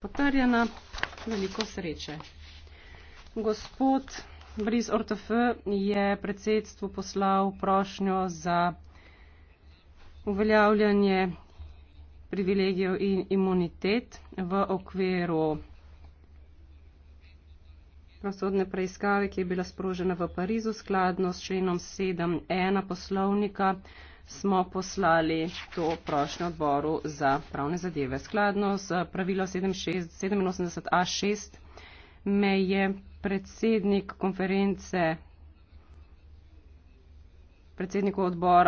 potrjena. Veliko sreče. Gospod Briz Ortef je predsedstvu poslal prošnjo za uveljavljanje privilegijev in imunitet v okviru prosodne preiskave, ki je bila sprožena v Parizu skladno s členom 7.1 poslovnika smo poslali to prošnjo odboru za pravne zadeve. Skladno z pravilo 87a6 me je predsednik konference predsedniku odbora